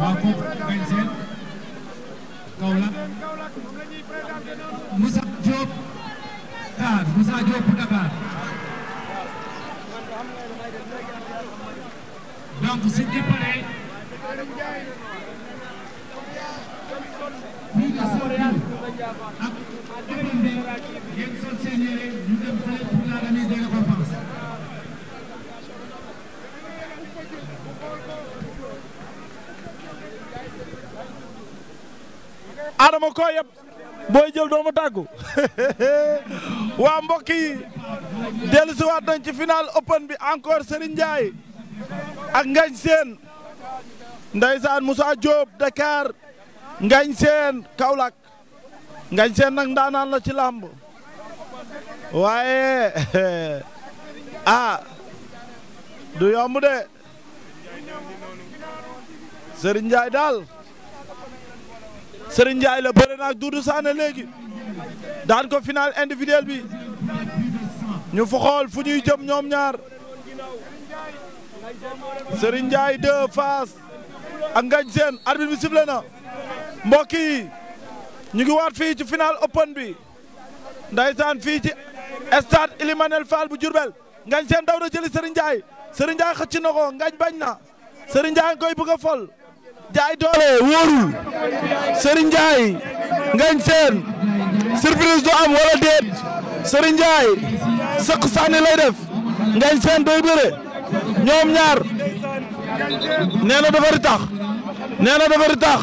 waa kooku Ngagne Sène Kaolack Moussa Diop Dakar Moussa Diop Dakar donc suñ ci paree plus de cent mille ak Adama koo yëpp booy jël doomu tàggu waa mbokk yi dellusiwaat nañ ci final open bi encore Serigne Ndiaye ak Ngagne Sène ndeysaan Moussa Diop Dakar Ngagne Sène Kaolack Ngagne Sène ndaanaan la ci làmb waaye ah du yomb de Serigne Ndiaye Serigne Ndiaye la bëre naag léegi daan ko final individuel bi ñu fa xool fu ñuy jëm ñoom ñaar Serigne Ndiaye deux face ak Ngagne Sène arbitre bi sifflé na ñu ngi waat fii ci final open bi ndaysaan fii ci stade Ilimanel Fall bu Diourbel Ngagne Sène daw na jëli Serigne Ndiaye Serigne Ndiaye xëcc na ko Ngagne bañ na Serigne Ndiaye koy bëgg a jaay doole wóorul Serigne Ndiaye ngañ seen surprise du am wala déet Serigne Ndiaye sëq sànni def ngañ seen doy bëre ñoom ñaar nee na dafa ritax nee na dafa ritax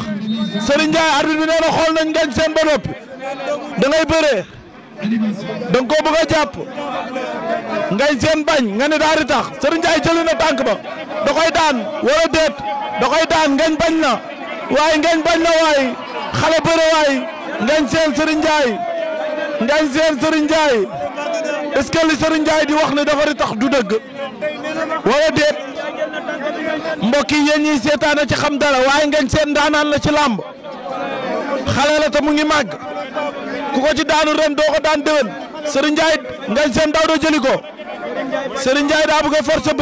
Serigne Ndiaye arbitre bi nee na xool nañ ngañ seen ba noppi da ngay da nga koo bëgg a jàpp ngay seen bañ nga ne daal di tax Serigne Ndiaye jëli na tànk ba da koy daan wala déet da koy daan ngeen bañ na waaye ngeen bañ na waay xale bëre waay ngeen seen Serigne Ndiaye ngeen seen Serigne Ndiaye est-ce que li Serigne di wax ne dafa di tax du dëgg wala déet mbokk yi yéen ci xam dara waaye ngeen seen daanaan la ci làmb xale la te mu ngi màgg. ku ko ci daanu ren doo ko daan déwén Serigne ngañ seen daaw doo jëli ko Serigne daa bëgg a forcer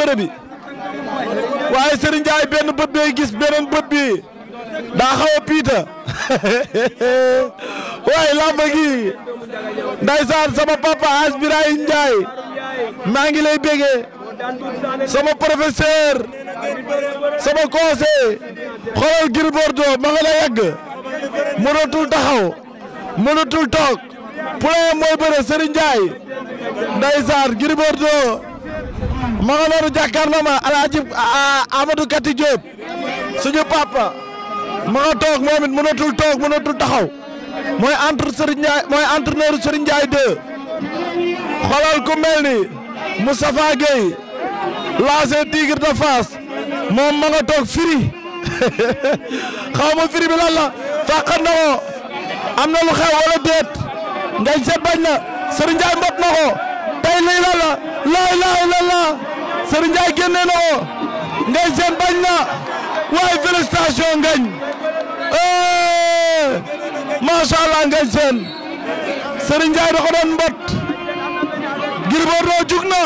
waaye Serigne benn bët gis beneen bët bi daa xaw a piita waaye lamba gi ndaysaan sama papa As Birahim maa ngi lay bégee sama professeur sama conseil xoolal Gris Bordeaux ma nga la yegg mënatul taxaw. mënatul toog poulain mooy bëre Serigne Ndiaye ndeysaan Gris Bordeaux ma nga noonu jàkkaarloo ma Alaaji ah, ah, Amadou Kati Diop suñu papa ma toog moom it toog mënatul taxaw mooy entre Serigne Ndiaye mooy ku mel ni Moustapha Gueye lancé Tigre de Fass moom ma toog firi xaw ma firi bi lan la am na lu xew wala déet ngañ sa bañ na Serigne mbot na ko tey lii la la laa ilaaha illallaah Serigne ngañ seen bañ na waaye félicitation ngañ macha allah ngañ seen Serigne Ndiaye da ko doon mbot Gris jug na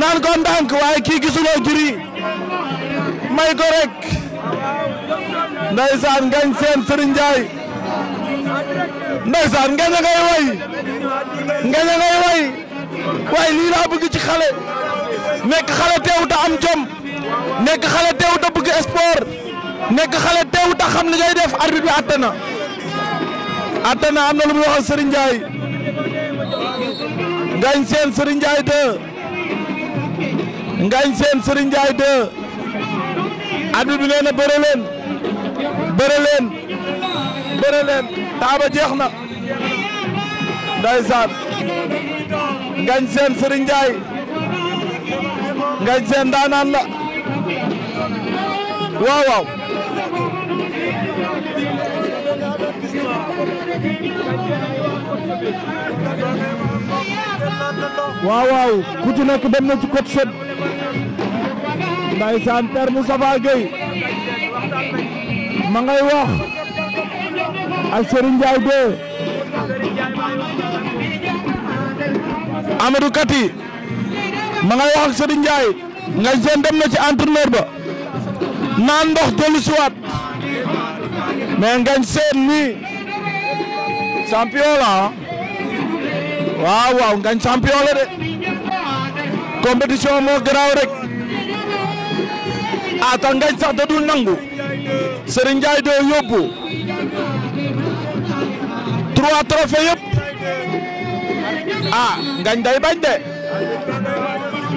naan ko ndànk waaye kii gisuloo giri may ko rek ndeysaan ngañ seen Serigne ndeysaan ngeen ngay way ngeen ngay way waaye lii laa bëgg ci xale nekk xale teew ta am jom nekk xale teew ta bëgg sport nekk xale teew ta xam li ngay def arbitre bi àtte na àtte na am na lu mu waxal Serigne Ndiaye Ngagne Sène Serigne Ndiaye 2 Ngagne Sène Serigne Ndiaye 2 arbitre bi nee na bëre leen bëre leen bëre leen taaba jeex na ndeysaan ngañ seen Serigne Ndiaye ngañ seen daanaan la waaw waaw waaw waaw ku ci nekk dem na ci kot sot ndeysaan Père Moustapha Gueye ma ngay wax ak Serigne Ndiaye 2 Kati ma ngay wax ak seen dem na ci entraîneur ba naan ndox dellu si ngañ seen mi champion waaw waaw ngañ champion de compétition moo garaaw rek ah tax ngañ sax da nangu Serigne Ndiaye yóbbu trois trophées yëpp ah ngañ day bañ de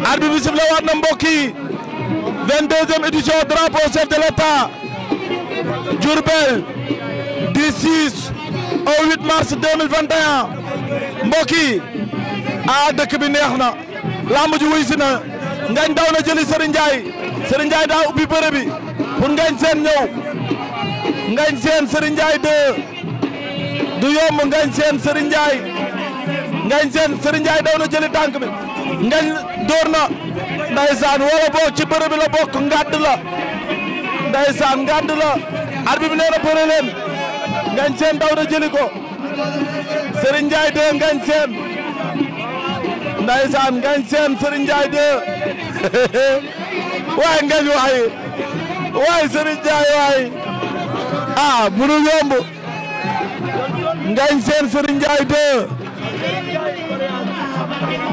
arbitre bi siflé waat na mbokk yi vingt-deuxième chef de l'État Diourbel du 6 au mars 2021 mbokk ah, dëkk bi neex na lamb ji wuy si na ngañ daw na jëli Serigne Ndiaye daa ubbi bëre bi ngañ seen ñëw ngañ seen Serigne du yomb ngañ seen Serigne Ndiaye ngañ seen Serigne Ndiaye daw na jëli tànk bi ngañ door na ndaysaan wala boog ci bërëb bi la bokk ngàdd la ndaysaan ngàdd la arbitre bi nee na bëre leen seen daw na jëli ko Serigne Ndiaye de ngañ seen ndaysaan ngañ seen Serigne Ndiaye de waaye ngañ waaye waaye Serigne Ndiaye waaye ah munul yomb Ngagne Sène Serigne Ndiaye 2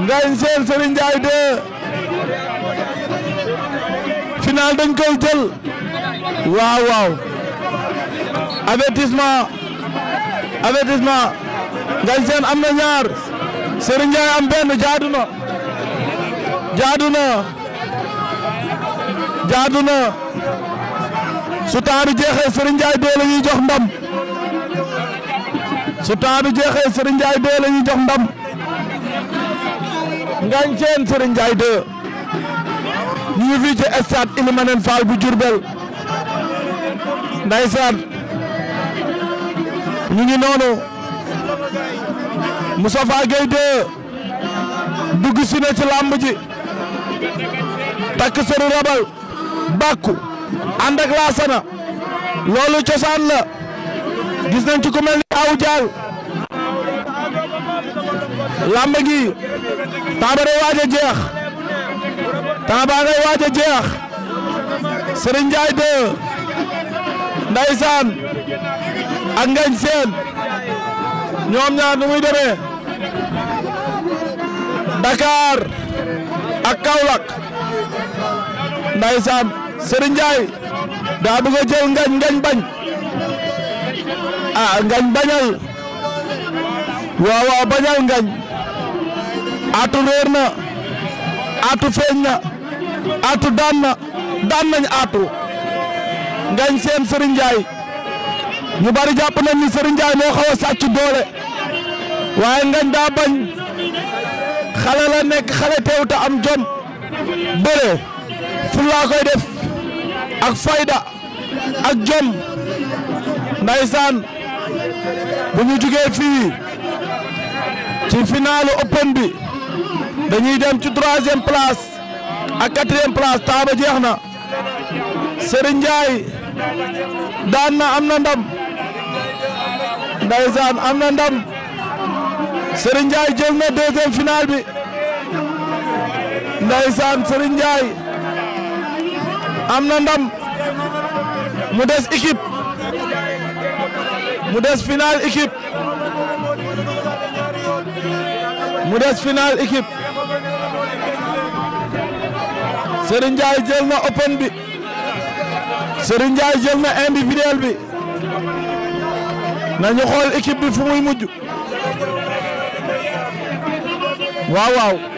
Ngagne Sène Serigne final dañ koy jël waaw waaw avertissement avertissement Ngagne Sène am na ñaar Serigne Ndiaye am benn jaadu na jaadu na jaadu na su taaru jeexee Serigne Ndiaye 2 jox ndam su temps bi jeexee Serigne Ndiaye 2 la ñuy jox ndam Ngagne Sène Serigne Ndiaye 2 ñu ngi fii ci stade Ilimanène Fall bu Diourbel ndeysaan ñu ngi noonu Moustapha Gueye 2 dugg si na ci làmb takk sëru rabal bàkku ànd ak laasana loolu cosaan la gis nañ ci ku mel ni Aw Jaal làmb gi temps ba day waaj a jeex temps baa ngay waaj a jeex Serigne Ndiaye nu muy demee Dakar ak Kaolack Ndeysaan Serigne Ndiaye daa bëgg a jël Ngagne Ngagne bañ. ah ngañ bañal waaw bañal ngañ atu réer na atu feeñ na atu daan na daan nañ atu ngañ seen Serigne Ndiaye ñu bari jàpp na ni Serigne Ndiaye moo xaw a sàcc doole waaye ngañ daa bañ xale la nekk xale teew te am jom bëre fu koy def ak fayda ak jom ndaysaan bu ñu jugee fii ci finalu open bi dañuy dem ci troisième place ak quatrième place temps jeex na Serigne Ndiaye daan na am na ndam ndaysaan am na ndam Serigne Ndiaye jël na deuxième finale bi ndaysaan Serigne Ndiaye am na ndam mu des équipe mu des final équipe mu des final équipe Serigne Ndiaye jël na open xool équipe bi fu muy mujj waaw waaw.